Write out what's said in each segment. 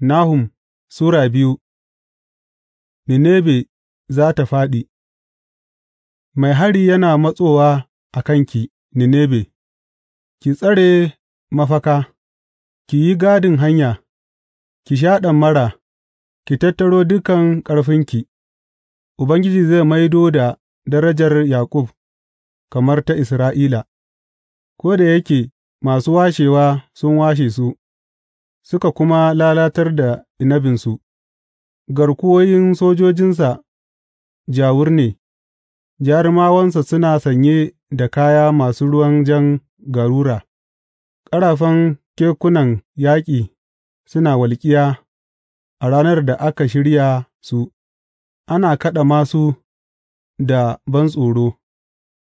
Nahum Sura biyu Ninebe za tă fāɗi Mai hari yana matsowa a kanki, Ninebe, ki tsare mafaka, ki yi gadin hanya, ki sha ɗamara, ki tattaro dukan ƙarfinki, Ubangiji zai maido da darajar Yaƙub kamar ta Isra'ila, ko da yake masu washewa sun washe su. suka kuma lalatar da inabinsu; garkuwoyin sojojinsa jawur ne, jarumawansa suna sanye da kaya masu ruwan jan garura, ƙarafan kekunan yaƙi suna walƙiya a ranar da aka shirya su, ana kaɗa masu da bantsoro,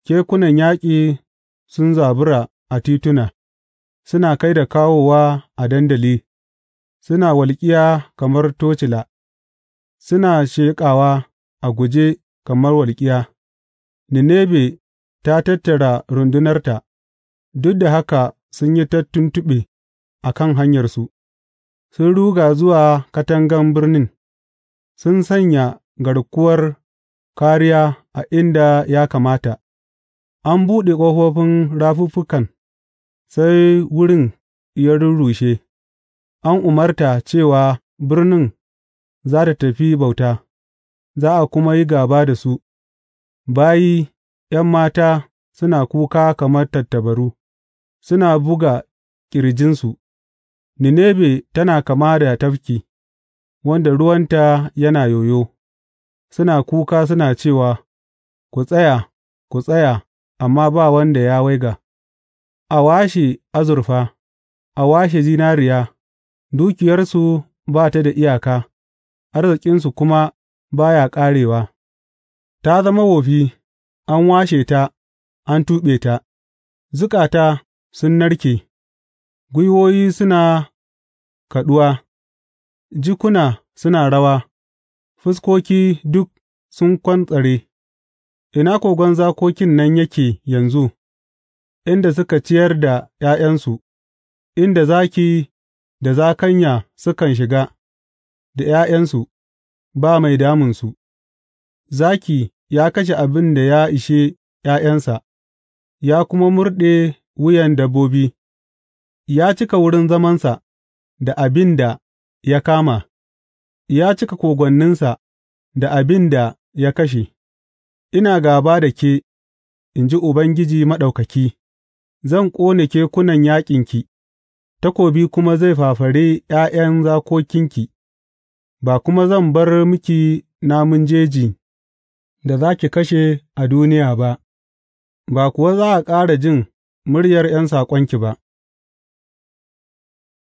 kekunan yaƙi sun zabura a tituna, suna kai da kawowa a dandali. suna walƙiya kamar tocila, suna sheƙawa a guje kamar walƙiya; Ninebe ta tattara rundunarta, duk da haka sun yi ta tuntuɓe a kan hanyarsu; sun ruga zuwa katangan birnin, sun sanya garkuwar kariya a inda ya kamata; an buɗe ƙofofin rafuffukan sai wurin ya rurrushe. an umarta cewa birnin za tă tafi bauta, za a kuma yi gaba da su, bayi ’yan mata suna kuka kamar tattabaru, suna buga ƙirjinsu, Ninebe tana kama da tafki, wanda ruwanta yana yoyo, suna kuka suna cewa, Ku tsaya, ku tsaya, amma ba wanda ya waiga, a washe azurfa, a washe zinariya. Dukiyarsu ba ta da iyaka, arzikinsu kuma ba ya ƙarewa; ta zama wofi, an washe ta, an tuɓe ta, zukata sun narke, gwiwoyi suna kaɗuwa, jikuna suna rawa, fuskoki duk sun kwantsare, ina kogon zakokin nan yake yanzu, inda suka ciyar da ’ya'yansu, inda zaki da zakanya sukan shiga, da ’ya'yansu, ba mai damunsu; zaki ya kashe abin da ya ishe ’ya'yansa ya kuma murɗe wuyan dabbobi; ya cika wurin zamansa da abin da ya kama, ya cika kogwanninsa da abin da ya kashe, Ina gāba da ke, in ji Ubangiji Maɗaukaki, zan ƙone kekunan yaƙinki. takobi kuma zai fafare ’ya'yan zakokinki, ba kuma zan bar miki namun jeji da za ki kashe a duniya ba, ba kuwa za a ƙara jin muryar ’yan saƙonki ba.